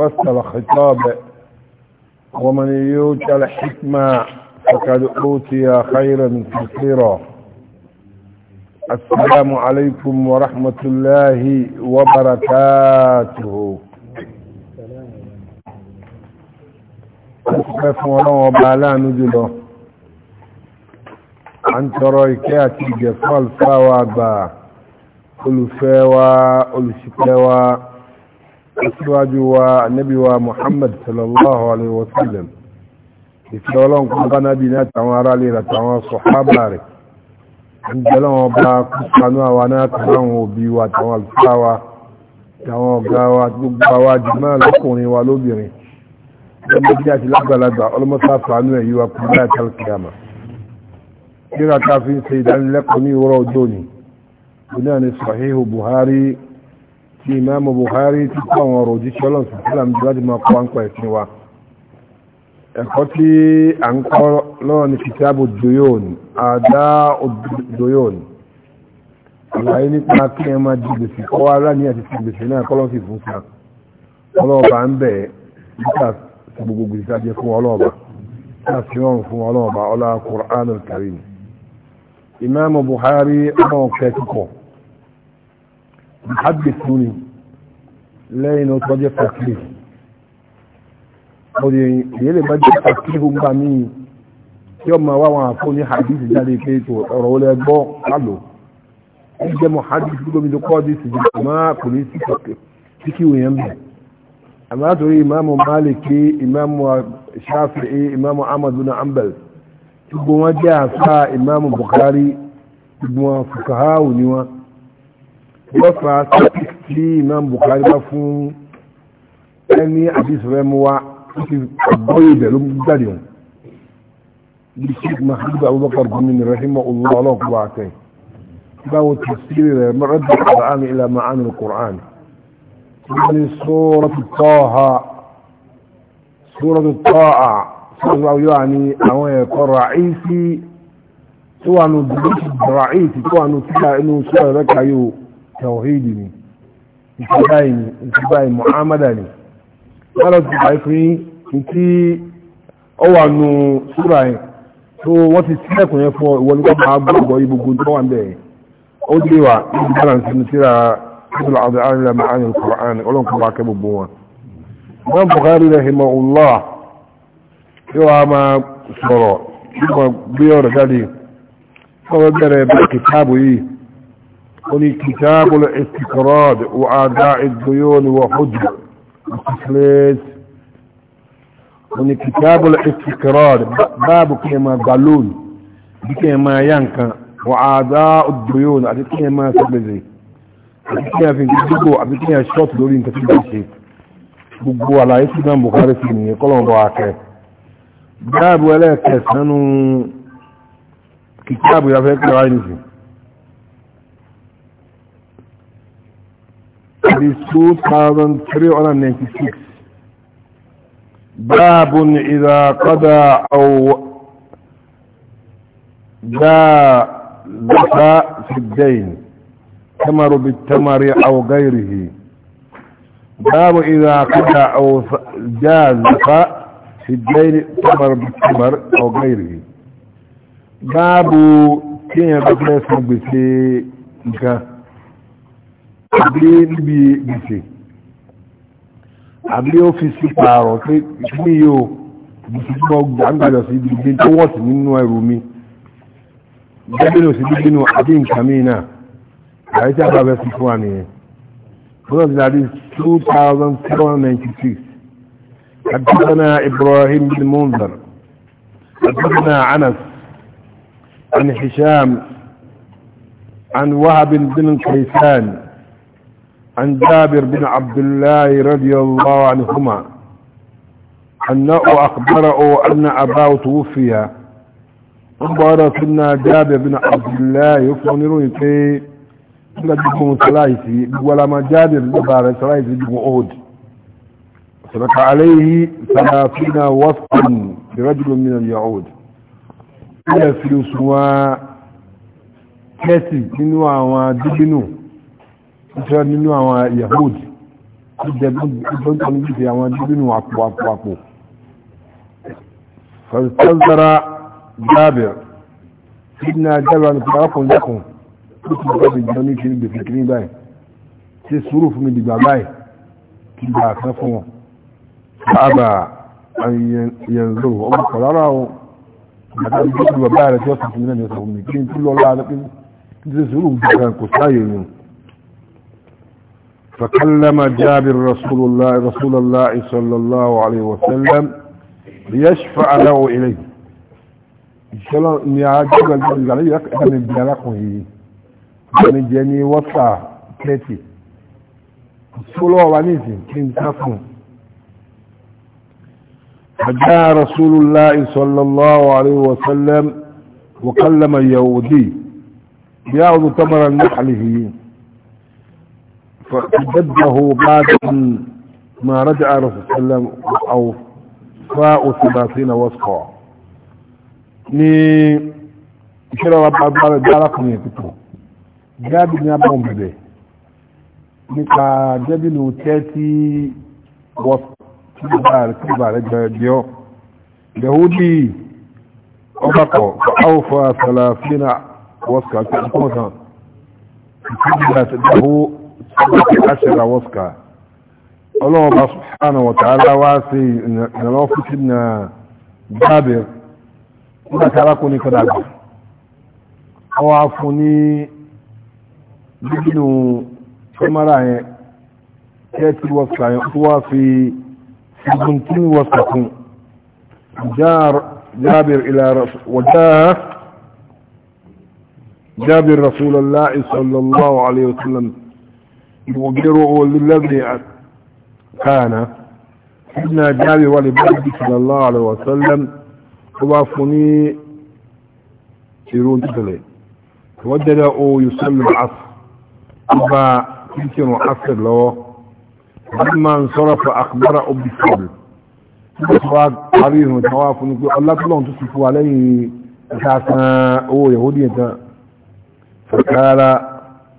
فصل خطابه ومن يوت الحكمة فقد أوتي خيرا كثيرا السلام عليكم ورحمة الله وبركاته أسفف ولو وبالا نجله عن ترويكاتي جفال فاوى قلوا فاوى قلوا شكاوى aṣíwájú wa annabi wa muhammad sallallahu alaihi wasallam ìfìdọ́lọ́n kún bá nábi ní àtàwọn ará lè ràtàwọn sọ̀hábà rẹ̀ ìjọlọ́wọ́ bá kúsànú àwa náà tàwọn òbí wa tàwọn alfáwa tàwọn ọ̀gá wa gbogbo àwa jùmọ́ lọ́kùnrin wa lóbìnrin lọ́mọ bí àti lágbàlagbà ọlọ́mọsáfàánú ẹ̀yí wa kú láì tàlùkìyàmà kíra ta fi ń ṣe ìdánilẹ́kọ̀ọ́ ní ìwọ́rọ̀ ọjọ́ ni tí ìmáàmù Buhari ti kọ́ àwọn ọ̀rọ̀ òjíṣẹ́ ọlọ́run sí sílám láti máa kọ́ àǹkọ́ ẹ̀sìn wa ẹ̀kọ́ tí à ń kọ́ lọ́wọ́ ní kìtàbù doyon àdá doyon àlàyé nípa kí ẹ máa di gbèsè kọ́ ara ní àti gbèsè náà kọ́ lọ́sì fún sa ọlọ́ọ̀bà ń bẹ̀ nípa gbogbo gbèsè àjẹ fún ọlọ́ọ̀bà láti rọrùn fún ọlọ́ọ̀bà ọlá Qur'anul Karim ìmáàmù Buhari ọmọ kẹ́kọ̀ọ́ محدث نوني lẹ́yìn ọ̀tọ́ jẹ́ fàkìlì ọdún èyí lè bá jẹ́ fàkìlì fún bá mí tí ọmọ wa wọn àfún ní hadith jáde pé tó ọ̀rọ̀ olè gbọ́ lálò ó jẹ́ mọ̀ hadith gómi tó kọ́ dí síjú àmá kò ní sí fàkìlì tí kí wòye ń bẹ̀ àmá torí ìmáàmù Málìkì ìmáàmù Shafi'i ìmáàmù Ahmad bin Hanbal gbogbo wọn jẹ́ àfá ìmáàmù Bukhari gbogbo wọn fukahawu ni wọn wọ́fà sọ́kìtì tí imam Bukhari bá fún ẹni àdìsọ̀rẹ́ mu wa ó ti gbọ́yé ibẹ̀ ló ń jáde wọn bí sheikh mahmoud abubakar gómìnà rahima olùwà ọlọ́ọ̀kú wa tẹ̀ báwo ti sírí rẹ̀ mọ́rọ́dì al-Qur'an ila quran ní suratu Taha suratu sọ́rọ̀ báwo yóò wà àwọn ẹ̀kọ́ ràìsí tó wà nù bìrìsì ràìsì tó wà nù síkà inú sọ́rọ̀ rẹ̀ kàyó tawhidi ne ìtàbáyì muhammadu ne wọ́n ti báyìí fún yí tí ó wà wọ́n ti sílẹ̀kùn yẹn fún ìwọ ní máa gbọ́gbọ́ ibùgbò tó wà ń bẹ̀ẹ̀ ó dé wà balance ní síra máa ń kẹ́ gbogbo wọn. wọ́n yóò wá máa sọ̀rọ̀ gbé ọ̀rọ̀ jáde bẹ̀rẹ̀ yìí قل كتاب الاستقراض وعداء الديون وحجر التفليس قل كتاب الاستقراض باب كما قالون بكما ينكا وعداء الديون بكما تبذي بكما في الجبو بكما الشوط دولين تفليسي بقوا على اسم مخارفين يقولون بواكه باب ولا كسنو كتاب يفكر عيني 2396 باب إذا قضى أو جالس في الدين تمر بالتمر أو غيره باب إذا قضى أو جالس في الدين تمر بالتمر أو غيره باب كين بقى اسمه بسي àbí níbi gbèsè àbí ó fi sí pààrọ̀ pé ìpínlẹ̀ yìí ó gbèsè tí wọ́n gbà ń gbàjọ sí ibi gbé tó wọ́ọ̀tì nínú ẹrù mi gẹ́gẹ́ ló sì bí nínú àbí nǹkan mi náà àyè tí a bá fẹ́ sí fún wa nìyẹn bọ́lá ti dàbí two thousand seven hundred ninety six حدثنا إبراهيم بن منذر حدثنا أنس عن هشام عن وهب بن كيسان عن جابر بن عبد الله رضي الله عنهما أنه أخبره أن أباه توفي أخبرت أن جابر بن عبد الله يفنرون في لديكم ثلاثي ولما جابر لبار ثلاثي بن أهد سبق عليه ثلاثين وفقا برجل من اليهود إلى فلسوا كسي من وعوى دبنوه ìṣẹ́ nínú àwọn yahood tó jẹ́ gbọ́ntàn ní ìṣẹ́ àwọn nínú àpò àpò àpò fàtàzára jábẹ̀ ìdínà jábẹ̀ nípa arákùnjákùn tó ti gbọ́ bí jọ ní kiri gbèsè kiri báyìí ṣe sùúrù fún mi dìgbà báyìí kí n bá a fẹ́ fún wọn sábà yanzu ọmọ kọ̀lára o àti فكلم جابر رسول الله رسول الله صلى الله عليه وسلم ليشفع له إليه شلون يا جبل جريك أنا بيرك وهي أنا جني يعني وصا كتي سلوا وانيزي كن تفهم فجاء رسول الله صلى الله عليه وسلم وكلم اليهودي يعود تمر النحل هي فجده بعد ما رجع رسول الله صلى الله عليه وسلم أو فاء ثلاثين وسقا ni ìṣẹ́lẹ̀ ọba agbára ìdárakùnrin ìpìtò gáàbì ní abọ́n bẹ̀rẹ̀ nípa dẹ́bìnù tẹ́tí wọ́pàá rẹ̀ jẹ́ ọ́ yahudi ọbakọ̀ fa'áwọ̀fà sàlàfínà wọ́sùkà tí ó kọ́ عشر وسكا الله سبحانه وتعالى واسي نلو فتنا جابر ما تركني كدابا او عفوني بجنو سمرا كاتل وسكا يقوى في سبنتين وسكا جار جابر الى رسول وجاء جابر رسول الله صلى الله عليه وسلم وغيره الذي كان سيدنا جابر ولبابي صلى الله عليه وسلم هو فني يرون تدلي وجد او يصلي العصر وبا يمكن عصر له لما انصرف اخبره بالصبر وقال قريب وتواف الله كلهم تصفوا عليه اساسا او يهودي فقال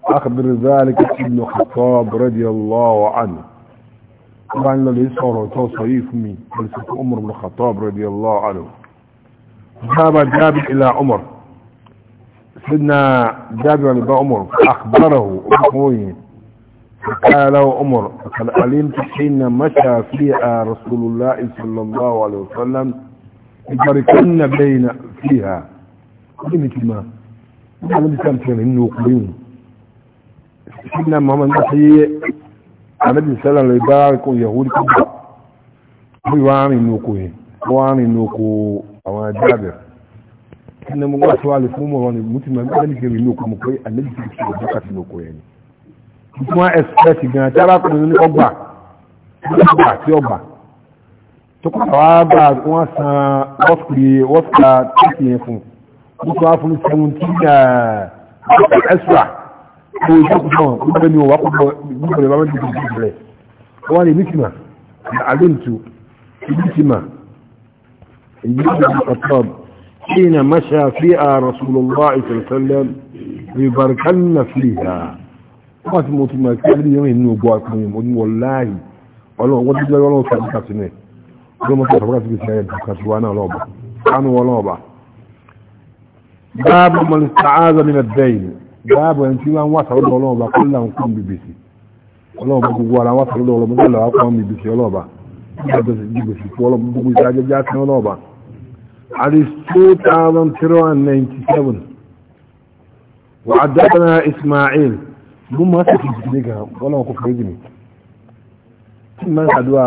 أخبر ذلك ابن خطاب رضي الله عنه طبعا اللي يصور توصيف مين ولسك عمر بن الخطاب رضي الله عنه ذهب جابر إلى عمر سيدنا جابر إلى عمر أخبره أخوه فقال له عمر قد علمت حين مشى فيها رسول الله صلى الله عليه وسلم يبركن بين فيها قلت ما قال لي كم كان النوق سيدنا محمد محيي النبي صلى الله عليه وسلم يبارك يهود كبار ويوامي نوكوه ويوامي نوكو أو جابر كنا مغوا سوالي فمو وانا متما النبي كبير نوكو مكوي النبي كبير بكات نوكو يعني متما اسكاتي جانا تراك من أبا أبا تي أبا تقول أبا وانسا وفقي وفقا تيكي يفون متما فلو سمون تيكا أسرع mo ìjọ kò fún ọ mo bẹ ní o wà kó bọ gbogbo ìbámu ti di ìbílẹ wọn ni mísìmà àlóǹtu mísìmà ìjọba àkàtọọb حين مشى فيها رسول الله صلى الله عليه وسلم يباركن فيها wọ́n ti mọ̀ tí máa kí ẹlẹ́yìn yẹn nínú ọgbọ́ akọrin mọ̀ ní wọ́n láàyè ọlọ́run wọ́n ti gbé ọlọ́run sọ̀rọ̀ nípa sí mẹ́ ọlọ́run mọ̀ sọ̀rọ̀ nípa sí mẹ́ ẹ̀dùn kan sí wa náà lọ́ọ̀bà kánú wọn lọ́ọ̀bà. báàbù mọ̀lẹ́sà áàzọ́ nínú ẹ̀dẹ́yìn báàbọ̀ ẹni tí wọ́n wà sàrọ́dọ̀ ọlọ́ọ̀bá kó là ń kún bìbìsì ọlọ́ọ̀bá gbogbo ara wà sàrọ́dọ̀ ọlọ́ọ̀bá kó là ń kún bìbìsì ọlọ́ọ̀bá bìbìsì fún ọlọ́ọ̀bá gbogbo ìdájọ́ já sí ọlọ́ọ̀bá àti 2397 wà á dábàá Ismail mú máa sì fi jìnnì gan ọlọ́ọ̀bá kò fẹ́ jìnnì tí máa ń sàdúrà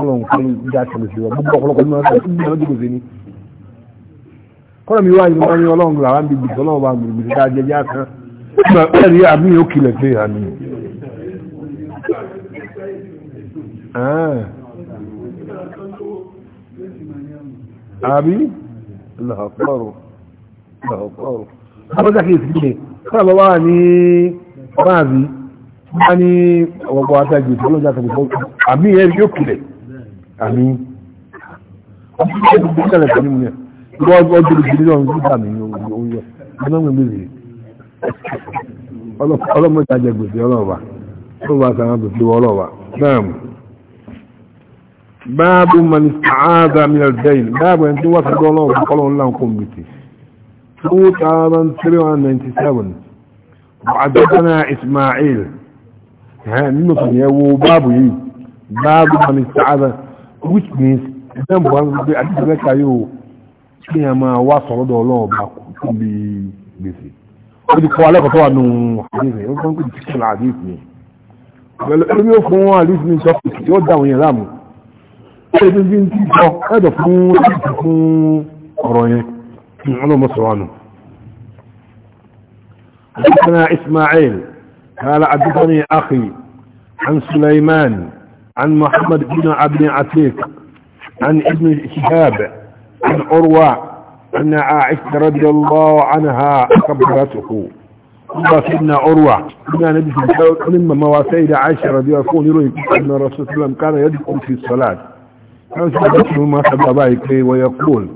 ọlọ́ọ̀bá kó já sí ọlọ́ọ̀bá gbogbo ọ̀pọ̀lọpọ̀ kọ́nà mi wá ní wọ́n ní ọlọ́run làwọn bí gbèsè ọlọ́run bá gbèsè gbèsè dáa jẹjẹ àkàn bẹ́ẹ̀ ni àmì yóò kilẹ̀ pé àmì. Ah. àbí lọ́kọ̀ọ̀rọ̀ lọ́kọ̀ọ̀rọ̀ abọ́jà kìí sí ilé kọ́nà bá wà ní báàbí wọ́n ní ọ̀pọ̀ àtàgbè ọlọ́jà àtàgbè àmì yẹn yóò kilẹ̀ àmì. ọ̀pọ̀ gbọ́gbọ́ jùlọ jùlọ ń gbúdà mí oyọ ọlọ́mọ méjì ọlọ́mọ ìtajà gbèsè ọlọ́wà tó bá sàn gbèsè ọlọ́wà náà báàbù mani sàádà mi àdẹ́yìn báàbù ẹni tí wọ́n ti gbọ́ ọlọ́wà kọ́lọ́ ńlá ń kún gbèsè 2397 àdọ́tánà Ismail nínú tó yẹ wo báàbù yìí báàbù mani sàádà which means ìdánbù wọn gbé àdìsẹ́lẹ́ka yóò kí ẹ máa wá sọ̀rọ̀ dọ̀ ọlọ́ọ̀bà kò tún bí gbèsè ó ti kọ́ alẹ́kọ̀ọ́ tó wà nù àdéhùn ó fọ́n kò tí kìlà àdéhùn ni pẹ̀lú ẹni ó fún àdéhùn ní sọ́kù tí ó dáhùn yẹn láàmú ó lè fi ń tí sọ ẹ̀dọ̀ fún láti fún ọ̀rọ̀ yẹn kí wọ́n lọ́mọ sọ̀rọ̀ nù. حدثنا إسماعيل قال حدثني أخي عن سليمان عن محمد بن عبد عتيق عن ابن شهاب عن عروة أن عائشة رضي الله عنها أخبرته سيدنا عروة أن نبي مما مواسيد عائشة رضي الله عنها يروي أن الرسول صلى الله عليه وسلم كان يدخل في الصلاة كان سيدنا ما سببائك ويقول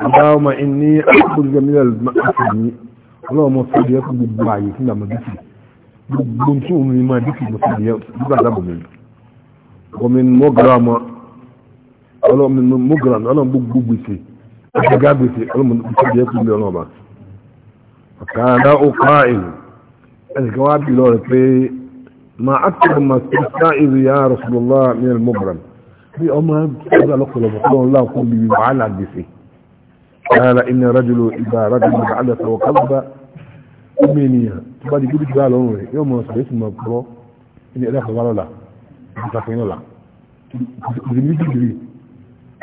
اللهم إني أخذ من المأسن اللهم صلي يكون بالدعاء كنا ما دفي بنتوم لما دفي مصلي يكون ومن مغرمة ọlọ́run nínú mọ́gàrán ọlọ́run gbogbo gbèsè àgbàgà gbèsè ọlọ́run gbèsè jẹ́ kúlẹ̀ ọlọ́run ọba ọ̀kadà ọkọ̀ àìlú ẹ̀sìn kan wá bí lọ́rẹ̀ pé ma akthar ma sa'ir ya rasulullah min al-mugran bí ọmọ ẹgbẹ́ lọ́kọ̀lọ́kọ̀ tó ń láàkó bí wàhálà gbèsè قال إن رجل إذا رجل بعدث وكذب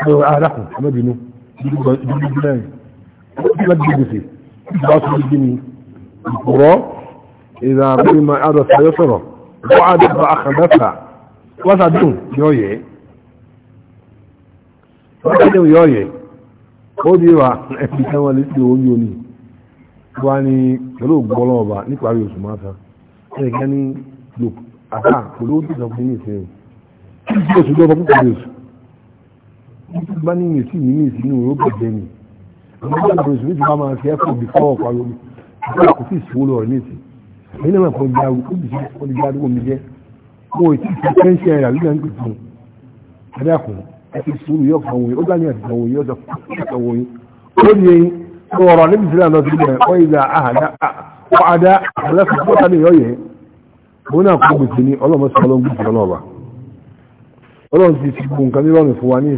àwọn arákùn àmọ́bìnú dúdú mẹ́rin tí wọ́n dìbò sí bá sọ bí ní ìkúrọ́ ìdá àbúrí ma àdọ̀ sọ̀rọ̀ sọ̀rọ̀ wọ́n á dọ̀bọ̀ àkàndọ́sà wọ́n sàdùn yọ́yẹ̀ wọ́n sàdùn yọ́yẹ̀ ó di wa ẹ̀fì kan wọn létí owó yóò ní wọ́n ní pẹ̀lú ògbọ́lọ́ ọba níparí oṣù mọ́ta ẹ̀ẹ̀kan bá ní ìmìsí ní ìmìsí ní òun ó bẹ̀jẹ̀ ni ọmọdé àbúrò ìṣòwò ti máa fi ẹ́kọ́ bí fọ́ ọ̀pá lórí ìṣòwò kò sí ìṣòwò lọ ní ìsìn èyí náà kò gba àwùjọ bí ó lè gba àdúgbò mi jẹ́ mo ò fi pẹ́ńsì fún adákùn ẹ ti sùúrù yóò wa ní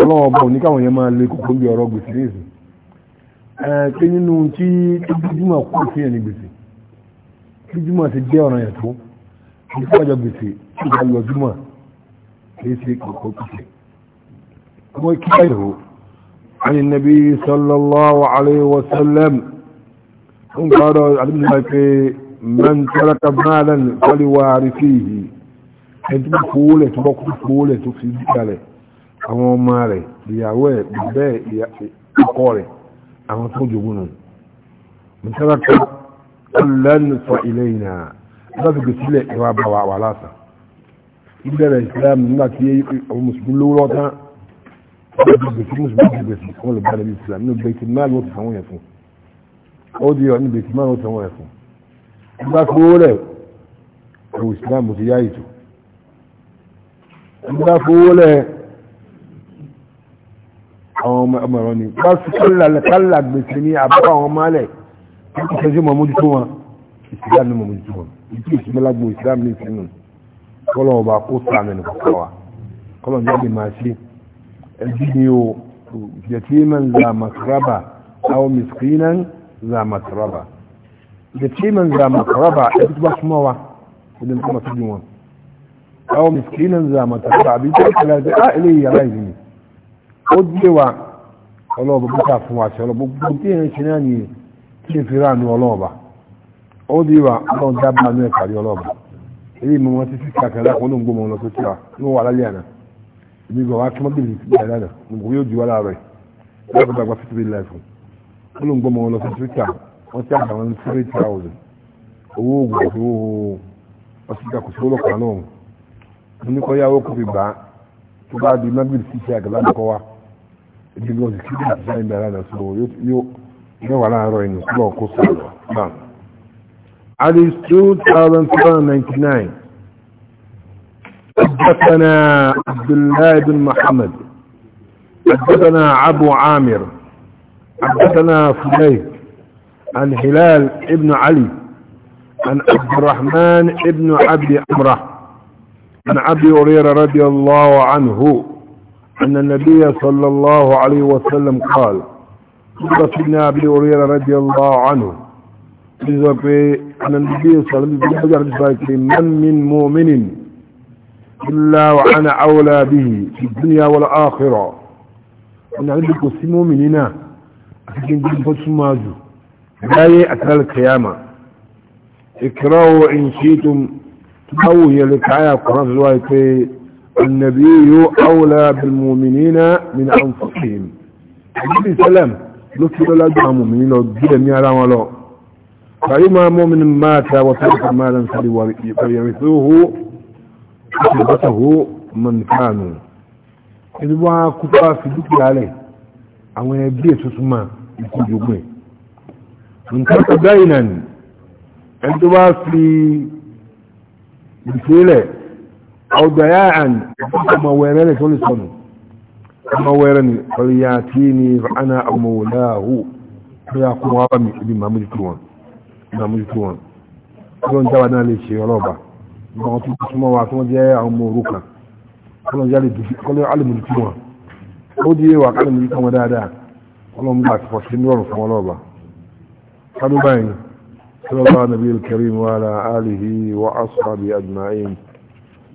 ọlọ́wọ́ ọba òní káwọn yẹn máa lè kókó bí ọ̀rọ̀ gbèsè ní ìsìn pé nínú tí jíjúmọ̀ kú sí ẹni gbèsè jíjúmọ̀ ti jẹ́ ọ̀ràn yẹn tó ìfọ́jọ gbèsè tí ìgbà lọ júmọ̀ kìí ṣe kókó gbèsè wọ́n kí báyìí rò عن النبي صلى الله عليه وسلم قال من ترك مالا فلوارثيه ẹni tó bá fowó lẹ̀ tó bá kú fowó lẹ̀ tó fi dúkìá lẹ̀ àwọn ọmọ rẹ̀ ìyàwó ẹ̀ bẹ́ẹ̀ ọkọ rẹ̀ àwọn tó jogún nù mùsàlákà lẹ́nu sọ ilé ìnà láti gbèsè ilẹ̀ ìwà bá wa wà lásà ìbẹ̀rẹ̀ ìsìlámù nígbà tí àwọn mùsùlùmí lówó lọ́tán gbèsè mùsùlùmí ti gbèsè àwọn olùbá níbi ìsìlámù nínú gbèsè náà ló ti sanwó yẹn fún ó di ọ̀ àwọn ọmọ ọmọ ni bá sí kálà gbèsè ní àbúrò àwọn ọmọ alẹ̀ kí ìṣẹ́jú mọ̀ mójútó wọn ìsìlám ní mọ̀ mójútó wọn ìdí ìsìmọ́lágbó ìsìlám ní ìsìnú kọ́lọ̀ ọba kó sàmì ní kọ́kọ́ wa kọ́lọ̀ ní ọdẹ máa ṣe ẹbí ni o yatiman za makaraba aw miskinan za makaraba yatiman za makaraba ẹbí tó bá súnmọ́ wa ẹni tó máa tóbi wọn aw miskinan za makaraba àbí tó kẹlẹ́ ẹ ah, ó dílé wa ọlọ́ọ̀bà bọ́ta fún wa ṣe ọlọ́ọ̀bà gbogbo tí èèyàn ṣe náà ni kí n fi rà ní ọlọ́ọ̀bà ó dílé wa ọlọ́ọ̀bà dábàá ní ẹ̀ka rí ọlọ́ọ̀bà ilé ìmọ̀ wọn ti fi kàkẹ́ lápò ló ń gbọ́ wọn lọ sókè wa ló wà lálẹ́ àná èmi gbọ́ wa kí wọ́n bèèrè ìpínlẹ̀ àná nǹkó yóò ju wa láàárọ̀ yìí lọ́ọ̀bà gba fifty million fún ó ló ń gbọ́ wọn lọ sí twitter wọ́n ti àgbà wọn three thousand owó oògùn àti owó ọsibítà kò sí ọlọ́pàá náà mo ní kọ́ yá owó kò fi gbà á tó bá di magbèrè sí iṣẹ́ àgbàlagbà kọ́ wa ibi ti kíkà bẹ̀rẹ̀ yóò wà láàárọ̀ kúrò kó náà. حدثنا عبد الله بن محمد حدثنا أبو عامر حدثنا فليك عن هلال ابن علي عن عبد الرحمن ابن عبد عمره عن عبد هريره رضي الله عنه أن النبي صلى الله عليه وسلم قال سيدنا أبي هريرة رضي الله عنه أن النبي صلى الله عليه وسلم من من مؤمن إلا وأنا أولى به في الدنيا والآخرة أن عندك مؤمنين أكيد جنب سماجو لا يأكل القيامة اكرهوا إن شئتم تبوه لكعايا القرآن الواقع النبي أولى بالمؤمنين من أنفسهم النبي سلام لكي لا دعا مؤمنين وجد ميارا ولو فإما مؤمن مات وترك مالا فليرثوه أصبته من كانوا إذ وعا كفا في ذكر عليه أو يبدي تسمى يكون جمعي من كان دينا عندما في بسيله أو ضياعا ما ويرني كل سنة ما ويرني فلياتيني فأنا أو مولاه فيقوم أبمي بما مجتوان ما مجتوان لون جوانا ليشي يروبا ما تقول ما واتما جاء أو موروكا كلهم جالي دفي كلهم على مجتوان ودي وقال مجتوان دادا كلهم باك فاشين ورن فمالوبا قالوا باين صلى الله على النبي الكريم وعلى آله وأصحابه أجمعين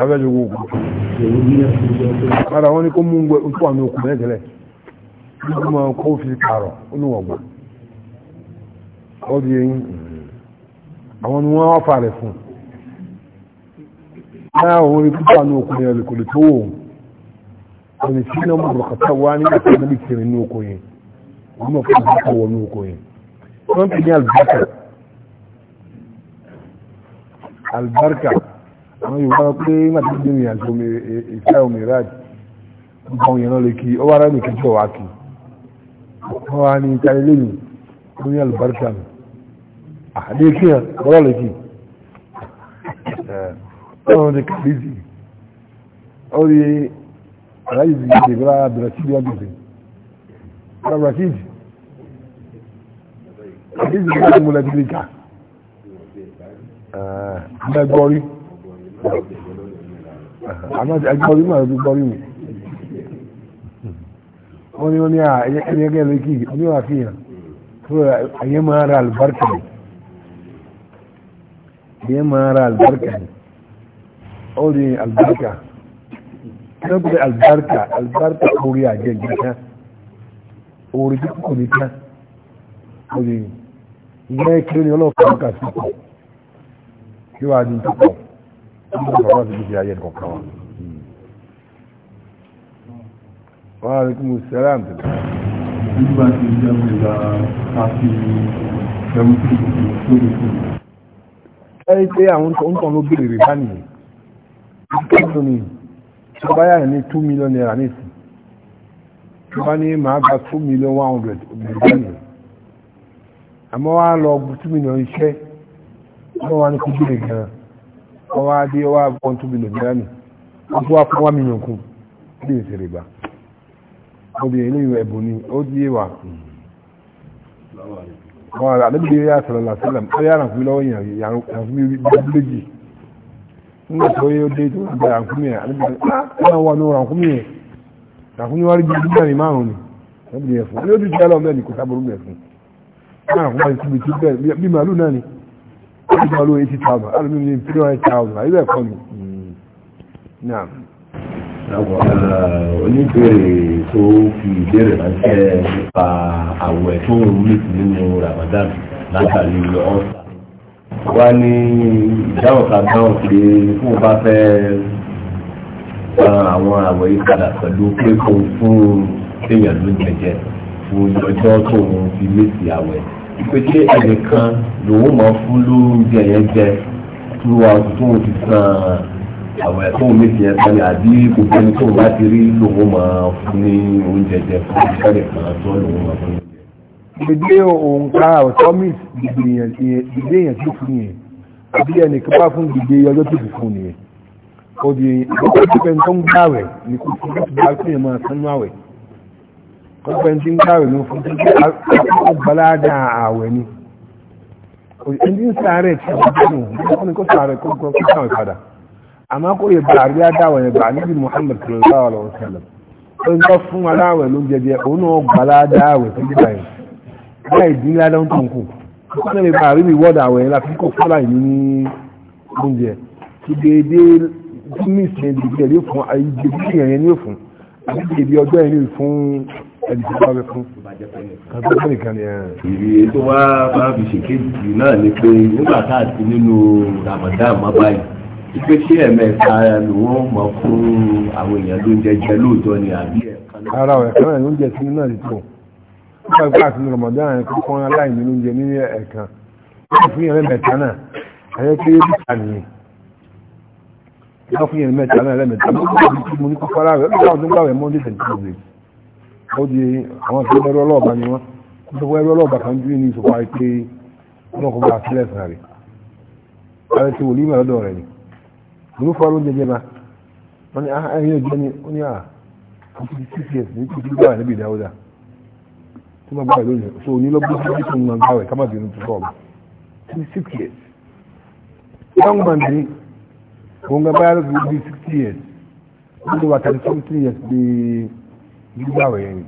abẹ́jọ wo òkú ara wọn ni kó mú gbé ojú àmì òkú lẹ́gẹ̀lẹ́ nígbà máa kó fi kààrọ̀ ó ní wọ̀gbọ̀n ó di eyín àwọn ni wọ́n wá fà rẹ̀ fún náà òun ni kúkú àmì òkú yẹn kò lè tó wò ó ní tí náà mú bùrọ̀kàtà wá ní àti ẹ̀mí kiri ní oko yẹn wọ́n mọ̀ fún àbúkọ̀ wọ ní oko yẹn wọ́n ti ní àwọn yorùbá pé nígbàtí ó dìrìn àjò ìfẹ́ òmìniraj nípa òyìn náà lè kí ó wá rẹ́nì kẹjọ wá kí wọ́n wá ní ìta ilé yìí ó ní àlùbáríkà mi àdé kí hàn bọ́lá lè kí ọ̀rọ̀ ní kàbíyèsí ó rí aláyè sí ìdè bọ́lá abdulrasheed agbègbè abdulrasheed kàbíyèsí bọ́lá mọ́lẹ́bí lè kà àmọ́ agbọ́rí mọ̀ ẹ̀dùn gbọ́rí mi wọ́n ní wọ́n ní ẹni ẹgbẹ́ lókì oníwà fihàn tó ayé máa ra albarka ni ayé máa ra albarka ni ó rí albarka lọ́gbẹ̀ẹ́ albarka albarka orí àjẹjẹ tán orí tí kò ní tán ó rí ìgbẹ́ kiri ni ọlọ́pàá kà sí pọ̀ kí wàá di tó pọ̀ ọ̀rọ̀ ti fi ayé kọ̀ọ̀kan wa. wọ́n á rí kí mo sẹ́rà ń tẹ̀lé. nígbà tí ìjọ mi là á fi ẹ̀rù àwọn ń ló béèrè rẹ̀ báyìí kíkọ́ ni tó yà ní two million naira nísìn tó bá ní màá gba two million one hundred bẹ̀rẹ̀ àmọ́ wá lọ two million iṣẹ́ wọ́n wá ní kó béèrè gan-an wọ́n wá dé wá kan tó bìlò mìíràn nì wọ́n tó wá fún wá mílíọ̀n kù bí èsì rìbá obìnrin ilé ìwé ẹ̀bùn ni ó di èwà wọ́n rà lẹ́bí ilé àṣàlọ́ làṣàlọ́ ó yà ràn fún mi lọ́wọ́ yàn yàn fún mi bí méjì nígbà tó yẹ ó dé tó ń bẹ ràn fún mi yàn ah, mi wá rí bí ni lẹ́bí ilé ẹ̀fún ó ní ni kò sábòrò bẹ́ẹ̀ fún mi ràn fún mi bí ó ti máa ló 80,000 alùmí ní 300,000 àyíbẹ̀ ẹ̀kọ́ ni náà eh, oníbèrè tó fi ìbéèrè ránṣẹ́ nípa àwẹ̀ tó ń rí nínú Ramadan látàrí ọ̀sà wá ní ìdáhùn ká dáhùn pé fún bá fẹ́ san àwọn àwẹ̀ yìí padà pẹ̀lú pé kò fún èèyàn ló jẹjẹ fún ọjọ́ tó ń fi létí àwẹ̀ pé kí ẹnìkan lòun máa fún lóúnjẹ yẹn jẹ tó wà tó ti san àwọn ẹ̀kọ́ mi ti yẹn sani àbí gbogbo ẹni tó bá ti rí lòun máa fún ní oúnjẹ jẹ fún ìṣẹ́ nìkan tó lòun máa fún ní. Gbèdé òǹkà ọ̀tọ́mìs gbèdé yẹn tó fún yẹn àbí ẹnìkan bá fún gbèdé ọjọ́ tó fún yẹn. Ó di ọjọ́ tó fẹ́ tó ń gbàwẹ̀ ní kò tó bá fún yẹn máa sánú àwẹ̀ gbogbo ẹni tí ń káwẹ̀ ló fún títí àgbàládà ààwẹ̀ ni ẹni ń sáré tí a bá nù ní kó sáré kó kó kó káwẹ̀ padà àmọ́ kó yẹ bá àríyá dáwọ̀ yẹn bá níbi Muhammad sallallahu alaihi wa sallam ó ń bá fún aláwẹ̀ ló jẹjẹ òun náà gbàládà ààwẹ̀ tó gbà yẹn la fi kó fúlà yìí ní oúnjẹ ti dédé mísìn ìdílé yóò fún ayé ẹni tó bá fẹ́ fún kàgbẹ́fẹ́ nìkan ni ẹ̀. ìrírí tó wá bá fi ṣèkéjì náà ni pé nígbà tá a ti nínú Ramadan mọ́ báyìí ipe ṣé ẹ̀mẹ́ta ni wọ́n mọ̀ fún àwọn èèyàn ló ń jẹjẹ lóòótọ́ ni àbí ẹ̀ka náà. ara ọ̀ ẹ̀ka náà ló ń jẹ sínú náà nìkan nígbà tá a ti ní Ramadan yẹn kó fún aláìní ló ń jẹ nínú ẹ̀ka wọ́n fún yẹn mẹ́ta náà ayé kéré bíkà nìyẹn wọ́n fún yẹn mẹ́ta náà lẹ́mẹ̀ta mọ́ ó di àwọn tí wọ́n ẹrú ọlọ́ọ̀bá ni wọ́n wọ́n sọ pé ẹrú ọlọ́ọ̀bá kan dúró ní ìsopọ̀ àìpé wọn kò bá sílẹ̀ sàn rè ààrẹ ti wòlíì mà lọ́dọ̀ rẹ̀ ni ìlú fọ́ ló ń jẹjẹ ma wọ́n ní ah, ah, ẹyẹ jẹ́ ni ó ní à ah, wọ́n ti di six years ní kí wọ́n gbà níbi ìdáwọ́dà tí wọ́n gbà lónìí so onílọ́gbọ́n tó ń gbà wẹ̀ ká má bínú tó sọ̀rọ̀ six years young sixty years ó ti thirty something years bíi nígbàwẹ̀ yẹn ni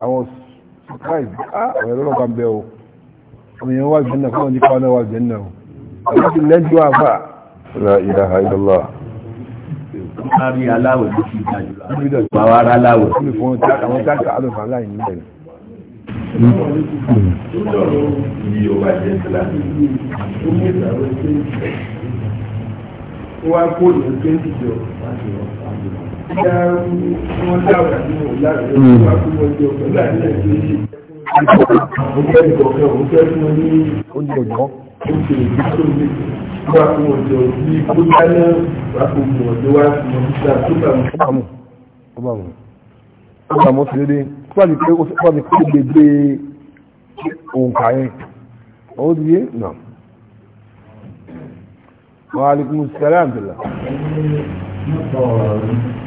I was surprised ah ọ̀rẹ́ lọ́rọ̀ kan bẹ́ o ọmọ yẹn wà jẹ́ náà fún ọdún kan náà wà jẹ́ náà ọmọ ti lẹ́jọ́ àfà la ilaha illallah wọ́n kó ìlú 20 láti rọ̀ Oúnjẹ òjò. Oúnjẹ òjò wá fún ọjọ́ bí kó dáná wá fún ọjọ́ wá fún ọjọ́ tó bá mú. Ó bá mú. Ó bá mú. Ó bá mú sí dédé. Tó bá di pé ó bá di pé gbèdé òǹkà yẹn. Ó di yé? Nà. Wa alaikumus salam àbẹ̀là. Ẹni ní ọ̀rọ̀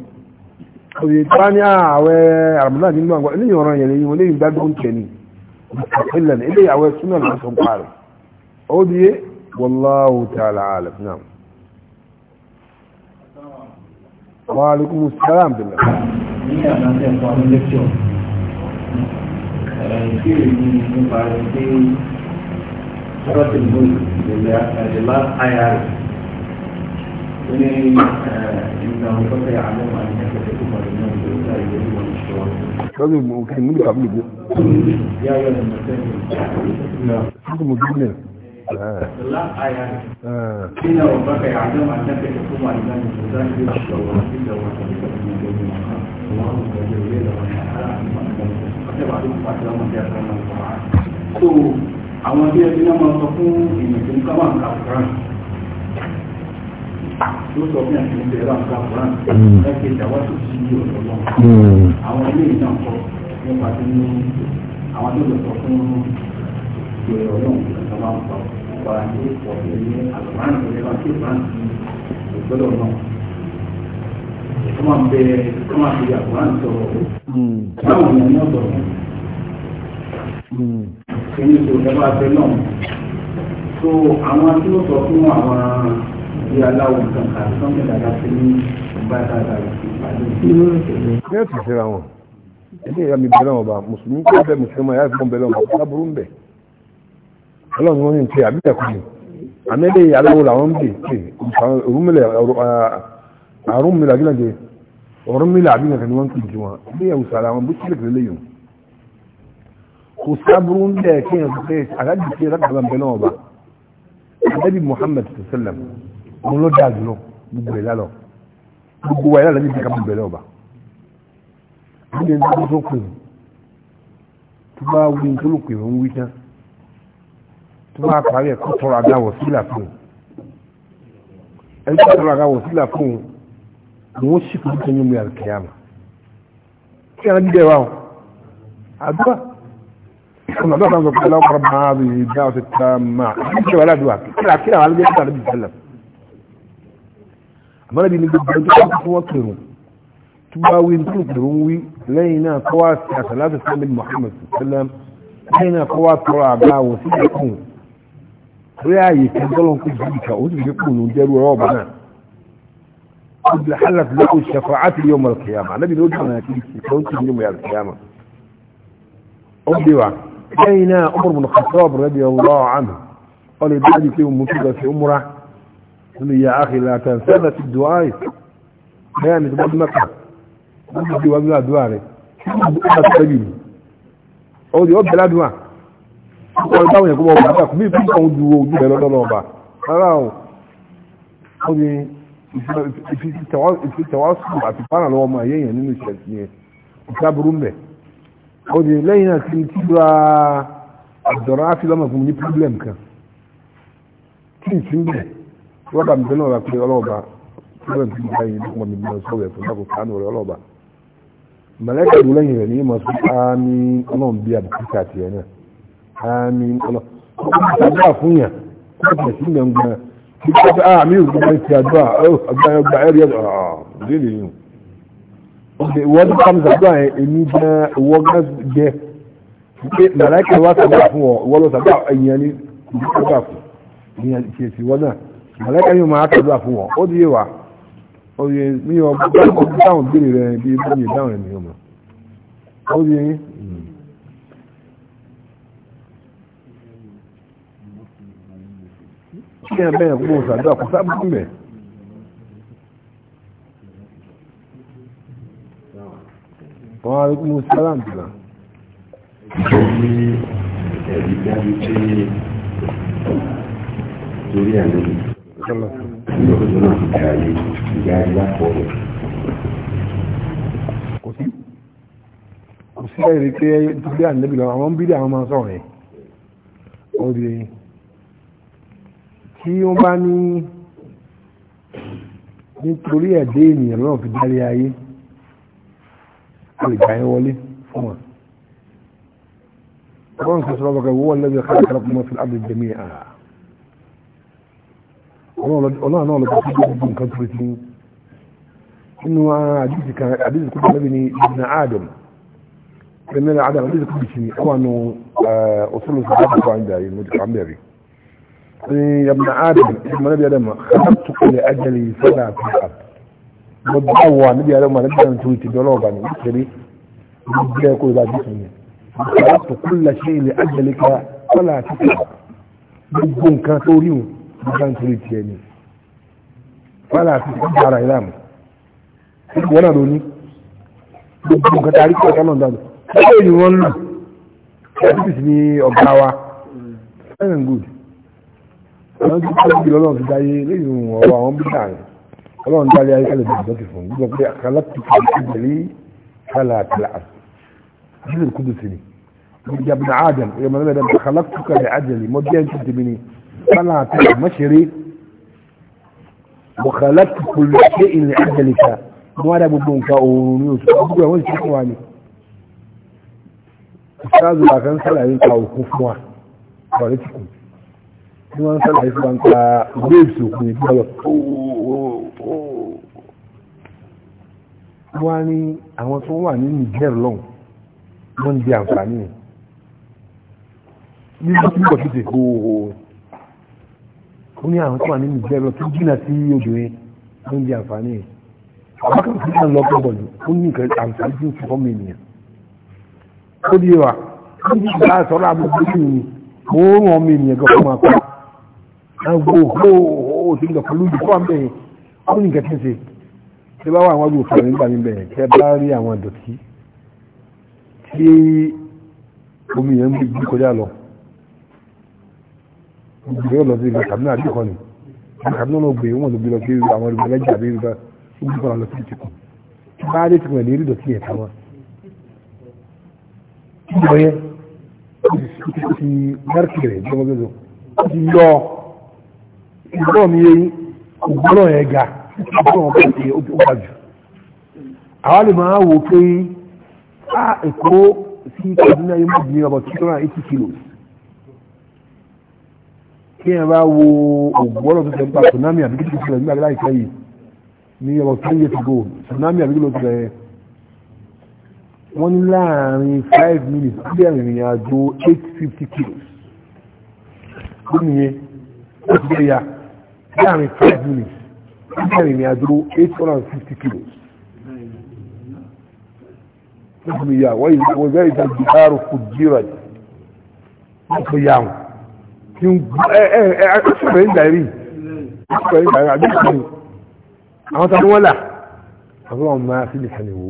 òye tí wọ́n ní àwẹ̀ àràmùlá nínú àgbà eléyìí ọ̀ràn yẹn lẹ́yìn eléyìí gbádùn oúnjẹ ni ìlànà eléyìí àwẹ̀ súnà ló ń sọ pa rẹ̀ ó di yé wallahu ta'ala alam náà. wa alaikum salaam bìlẹ̀. ní àgbàdo nípa ẹ̀ pé ọ̀rọ̀ tẹ̀lé ìlẹ̀ àjẹlá àyà rẹ̀ ni. ní ìgbà òkúta àwọn àìsàn tó kọ̀ nínú ìgbà ìgbèrú wọn ṣọ́. Lọ́dún ìgbà òkè ìmúlò kàbí ìgbó. Yá yọ ọ̀nà sẹ́yìn. Lọ́dún ìgbà òkè ìmúlò. لا آيات. إلا ربك يعلم أنك تقوم على ذلك الإنسان بالشر والإلا والطريقة من جل وعلا. الله جل وعلا والنهار عن مكة. حتى بعدهم بعد لما جاء àwọn tí ẹbí náà máa sọ fún ìyẹ̀dùn káwọn àkàrà yóò sọ fún ẹ̀sìn ìbẹ̀rẹ̀ láǹkà fúnra ẹ̀kẹ́ ìdáwọ́sọ sí ní ọ̀dọ̀ náà hmm. àwọn ilé ìná kọ nípa tí ní àwọn tó lè sọ fún ìgbèrè ọlọ́run ìgbà máa ń pa ọ̀pá ní ọ̀pẹ̀ ní àlùmáàrún tó lẹ́wà tí ìbá ń ti ìgbọ́dọ̀ náà wọ́n bẹ wọ́n àti àlùmáàrún sọ̀rọ̀ táwọn èèyàn ní ọ̀dọ̀ kí ni kò lẹ́wà bẹ náà so àwọn tí ó sọ fún àwọn bí aláwọ̀ nǹkan kan sọ́kẹ́ dàda fi ní ọgbà dàda ìpàdé. ní ẹ̀sìn ìṣẹ́ra wọn ẹni ìyá mi bẹ̀rẹ̀ wọn bá mùsùlùmí kọ́ bẹ́ẹ̀ mùsùlùmí ayé fún bẹ̀rẹ̀ wọn bá burú ń bẹ̀ ọlọ́run wọn ní ti àbí ẹ̀kọ́ ni àmẹ́lẹ́ aláwọ̀ làwọn ń bè pé òrùmìlẹ̀ àrùnmìlẹ̀ àbílẹ̀ òrùmìlẹ̀ àbílẹ̀ kan ni wọ́n ń kìí wọn ilé ẹ̀wùsà ara wọn bó kílẹ̀ kìlẹ̀ lẹ́yìn kò sábúrú ń bẹ̀ kí ẹ̀ sọ́kẹ́ àgájì sí ẹ̀rọ àgbàmbẹ̀ náà ọba adébí Muhammad sallam òun ló dáa jùlọ gbogbo ẹ̀ lálọ gbogbo wa ẹ̀ lálọ níbi kan bẹ̀rẹ̀ ọba níbi ẹni tó tó pè ó tó bá wí tó ló pè ó ń wí tán tó bá parí ẹ̀ kó tọrọ adáwọ̀ sílà fún un ẹni tó tọrọ adáwọ̀ sílà fún un òun ó sì fún ìtọ́jú mi àlùkìyàmà kí ẹni bí dẹ́wà o àdúrà ọ̀nà àdúrà kan sọ pé aláwọ̀ kọ́ra máa bèèrè dáwọ̀ sí tá a máa kí ẹ̀wà aládùúgbà kí ẹ̀wà aládùúgbà kí àmọ́lẹ́bí ní gbogbo ọjọ́ kan tí wọ́n pèrò tó bá wí tó ń pèrò ń wí lẹ́yìn náà kọ́wá sí àtàlátà sálẹ̀ Muhammad sallam lẹ́yìn náà kọ́wá tọrọ àgbà wọ̀ sí ẹ̀kùn rí ààyè kan tọ́lọ̀ kó jù ìkà ó sì fi kùn ló dẹrù ọ̀rọ̀ ọ̀bà náà ó ti hàlà tó lọ́kọ̀ ṣẹfọ́ àti yóò mọ̀rọ̀ kìyàmà àlẹ́bí ló dùn àti ìkà ó ti yóò mọ̀rọ̀ kìyàmà ó bí wa lẹ́yìn náà Umar bin Khattab radiyallahu anhu ọ lè dájú pé mo tún lọ sí umra ni ya akhi la tansana fi du'a yani to bad makka ni di wa bi àdúà rẹ̀ ba ta bi o di o bela du'a o ta wọn ko mo ba ko mi bi ko du o du belo lo ba ara o o ni ifi ifi tawasul àti para lo ma yeyan nínú iṣẹ́ yẹn ìsàbùrù mbẹ o di lẹ́yìn náà ti ti ra àdọ̀rọ̀ àti rọ́dà mi tẹ́lẹ̀ ọ̀la pé ọlọ́ọ̀ba tẹ́lẹ̀ tí mo báyìí lọ́wọ́ mi mọ̀ sọ́wọ́ ẹ̀fọ́ lákòó kánú rẹ̀ ọlọ́ọ̀ba mọ̀lẹ́kà ló lẹ́yìn rẹ̀ ní ìmọ̀ sí ámì ọlọ́run bíi àbùkù àti ẹ̀ náà ámì ọlọ́run àdúrà fún yàn kó tẹ̀ sí ìyàn gan kí kó tẹ̀ ámì òkú bá ti àdúrà ọgbà ah, oh, ẹ̀rí ẹ̀dọ̀ ah, ọ̀dẹ́ yẹn èmi mọ̀lẹ́kẹ́ yóò máa tọ́jú àfún wọn ó díye wà oye ní ọgbọ́n dáhùn bí rẹ̀ bí bí mi dáhùn ẹ̀mí ọmọ ó díye kí ẹ bẹ́ẹ̀ kó o ṣàdúrà kó mẹ́. wọ́n á rí kó o sábà ń bìlà. ìṣòro ẹ̀rí dájú pé torí àná kò sí kò sí ẹ̀rí pé bí ànábì lọ àwọn bídí àwọn máa sọ̀rọ̀ yẹn ó di tí wọ́n bá ní nítorí ẹ̀dẹ́ ènìyàn lọ́nà fi dárí ayé a lè wọlé fún wọn. Ọlọ́run sọ̀rọ̀ bàkà wọ́n lẹ́bi kárakára kúmọ́ sí àbẹ̀jẹ̀mí àá ọlọ́run náà lọ́gbọ́n tó gbogbo nǹkan tó retí nínú ah, àdìsí kan àdìsí kúrò lẹ́bi ní ibùdó adam ẹ̀mẹ́rẹ́ adam àdìsí kúrò sí ọwọ́ nù ọ̀sọ́lù sí ọjọ́ ìgbà ìjà yìí mo ti kà ń bẹ̀rẹ̀ ní ibùdó adam ìgbìmọ̀ lẹ́bi adam kàtàkùn ilẹ̀ ajẹ́lẹ̀ yìí sọ́dà àti àp mo bá wọ àníbi adam àníbi adam tó ti dọ́lọ́ àti àp gbogbo nǹkan tó rí wọn nígbà ń torí tiẹ̀ ni wàhálà àti ìgbà ara ìlà mọ̀ wọ́n náà lóní gbogbo nǹkan tá a rí kí ọ̀tá náà dànù ọjọ́ èyí wọ́n lù diabetes ní ọ̀gá wa fine and good àwọn tí wọ́n ti lọ́lọ́run ti dáyé lẹ́yìn ọ̀rọ̀ àwọn bí dáa rẹ̀ ọlọ́run dáyé ayé kálẹ̀ bíi ìdọ́kì fún gbogbo pé àkàlàkùkù ìbẹ̀lẹ̀ kálà àtìlà àti jíjẹ̀ kúndùsì ni ìjàmbá adam ìyẹn mọ̀lẹ́dẹ̀ àkàlàkùkù àjẹlì mọ́jẹ́ ń tètè mi ni طلع مشري وخلقت كل شيء لأجلك وانا ببنك اونيوس ابوك وانت شكواني استاذ لا كان سلا ينقا وكفوا قالتكم ni wọ́n sọ́lá ìfẹ́ wọn pa graves òkú ìbọ́lọ̀ wọ́n ní àwọn tó wà ní niger long wọ́n di àǹfààní yìí ní ìgbà tó ti kó ó ní àwọn tó wà nínú ìgbẹ́ lọ tó jìnnà sí odò yẹn ló ń di àǹfààní yẹn àbákan fún náà lọ́pọ̀ bọ̀lù ó ní nǹkan àǹfààní tí ó fi fọ́ọ̀mù ènìyàn ó di wa ó ní ìgbà sọ̀rọ̀ àbúrò tó ní mo ń rán ọmọ ènìyàn gan fún apá àgbo ó ti ń lọ pẹ̀lú ìdíkọ́ àmì ẹ̀yìn ó ní nǹkan tí ń ṣe tí bá wà àwọn ọdún òfin nígbà níbẹ̀ tẹ́ bá rí gbé lọ sí ìgbà kàmínà àbí ìkọ́ni kàmínà ló gbé wọn ló gbé lọ sí àwọn ìgbà lẹ́jà àbí ìgbà ó gbé lọ sí ìtìkù tí bá dé tìkù ẹ̀lẹ́rì dọ̀tí ẹ̀ tàwọn. ìjọ yẹn ó ti mẹ́rìkì rẹ̀ jọmọ gbẹ́dọ̀ ó ti yọ ìgbọ́ mi yẹn ògbọ́nà yẹn ga ìgbọ́nà ọkọ̀ ti ó ga jù. àwa lè máa wò pé a ah, sí Kaduna yẹn mọ̀ bí ọmọ two hundred and eighty kilos kí ẹ bá wo ògbọ́lọ̀ tó tẹ́lẹ̀ tsunami àbí kìtìkì tẹ́lẹ̀ nígbàgbà ìfẹ́ yìí ní ọ̀rọ̀ ten years ago tsunami àbí kìtìkì tẹ́lẹ̀ wọ́n ní láàrin five minutes ó ìrìn àjò eight fifty kilos ó nìyẹn ó ti bẹ̀rẹ̀ ya láàrin five minutes ó bẹ̀rẹ̀ ìrìn àjò eight hundred kilos ó ti bẹ̀rẹ̀ ya wọ́n yìí wọ́n bẹ̀rẹ̀ ìjà jù káàrọ̀ fún jíra yìí wọ́n ti bẹ̀rẹ̀ ya kí n ẹ ẹ ẹ akọ̀rẹ́ ìdàrí akọ̀rẹ́ ìdàrí àbíkọ̀ ni àwọn tàbí wọ́n là àwọn ọmọ àfihàn ìhàn ìwò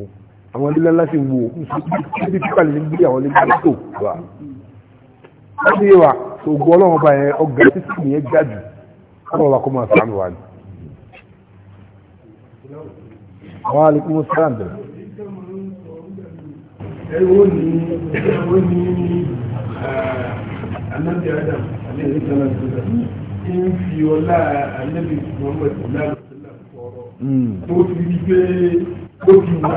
àwọn ilé ńlá sì wò níbi pípa lè gbé àwọn ilé ńlá tó wà. wọ́n ti yé wa ògùn ọlọ́run ọba yẹn ọgá títí nìyẹn ga jù ọlọ́run ọba kó máa sàánù wa ni. wọ́n á lè kún sáà bẹ̀rẹ̀. ẹ adam ń fi ọlá àlẹ́bí muhammed lálùsílà fọ̀rọ̀ tó ti rí pé ó ti wà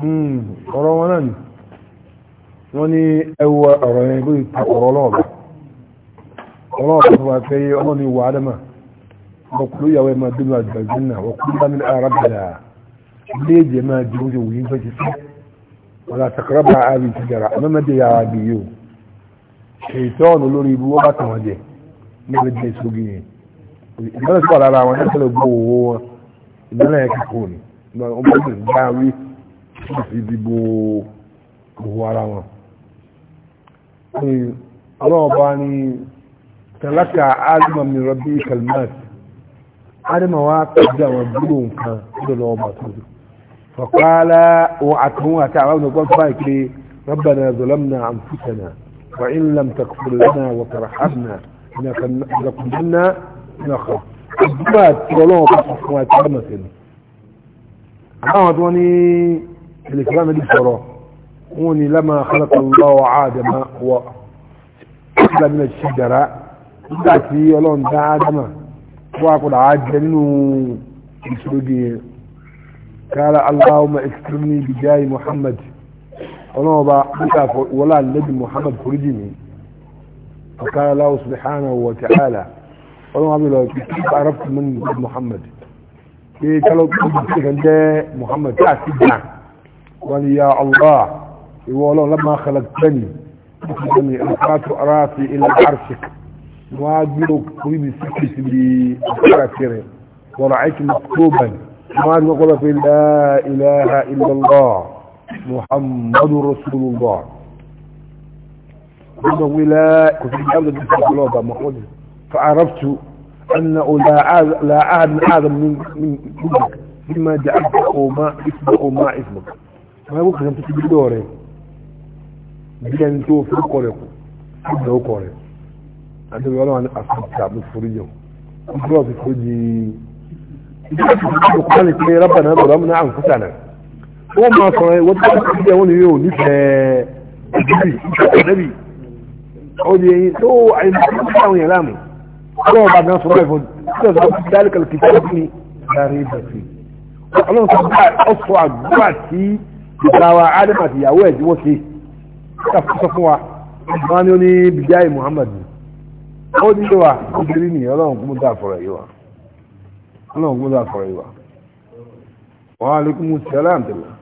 hmm. ọ̀rọ̀ wọn náà ni wọ́n ní ẹwà ọ̀rọ̀ yẹn ló ta ọ̀rọ̀ ọlọ́ọ̀bà ọlọ́ọ̀bà tó wà pé ọlọ́ọ̀ ni wà á dẹ́mà ọkùnrin ìyàwó ẹ̀ máa dúró àgbàgbé náà ọkùnrin bá mi arábìnrin à léèjì ẹ̀ máa jẹun jẹun yìí fẹ́ ti fẹ́ wọ́n la bá a rí ti jẹrà ọ̀nà mẹ́tẹ̀ẹ́ yóò ṣètọ́ọ̀nù lórí ibú wọ́n bá tàn wọ́n jẹ ní ọ̀rẹ́ jẹ́ ìṣògì yẹn ìmọ̀lẹ̀ sọ̀rọ̀ ara wọn nípa ìgbó owó wọn ìmọ̀lẹ̀ yẹn kíkọ́ ni wọ́n bá tẹ̀ dá rí láti fi bo owó ara wọn. ọlọ́wọ́ bá ní tẹ̀láka ádámà mi rọ́bí kalmat ádámà wa kọjá àwọn gbúrò nǹkan tó lọ́wọ́ bá tó dùn. فقال وعدهم أتعاون قلت بايك ربنا ظلمنا أنفسنا وإن لم تكفر لنا وترحمنا لكننا نخاف الضمات ولو تصف واتعامة عمامة واني الإكرام دي سراء واني لما خلق الله عادما هو أحلى من الشجرة ذاتي ولون ذا عادما واقول عاجل انه قال اللهم اكرمني بجاي محمد ولو با انت ولا النبي محمد فرجيني فقال الله سبحانه وتعالى ولو عبد كيف عرفت من محمد كي تلو تبتكن دي محمد تاسي وان يا الله ولو لما خلقتني تبتكني الفات عرافي الى عرشك وادلوك قريب سكي سبري اخرى كيري ورعيك مكتوبا ما نقول في لا اله الا الله محمد رسول الله قلت لا كنت بجابة فعرفت أنه لا لا أحد أعظم من من منك مما جعلته ما اسمه ما اسمك ما يقول لك أنت بدوري بين توفي قريق أبدا قريق أنت يقول أنا أصبت من فريجه أصبت في فريجي ربنا ظلمنا أنفسنا wọ́n máa sọ ẹ wọ́n ti wọ́n ti wọ́n yóò nífẹ̀ẹ́ ìdíbì ìdíbì ọdí ẹyin tó àwọn yẹn láàmú ọlọ́run bá gan sọ bẹ́ẹ̀ fún ṣíṣe sọ fún dálí kàlùkì tó kí ni dárí ìbẹ̀sì ọlọ́run sọ bá ọ sọ àgbà tí ìgbàwà ádámà àti ìyàwó ẹ̀ tí wọ́n ṣe ká sọ fún wa wọn ni ó ní bìjáì muhammadu ó ní ṣe wa obìnrin nìyẹn ọlọ́run kún mú dá àfọ̀rọ̀ yìí wa ọlọ́run kún dá àfọ̀rọ̀ yìí wa wa alaikum salaam tẹ̀lé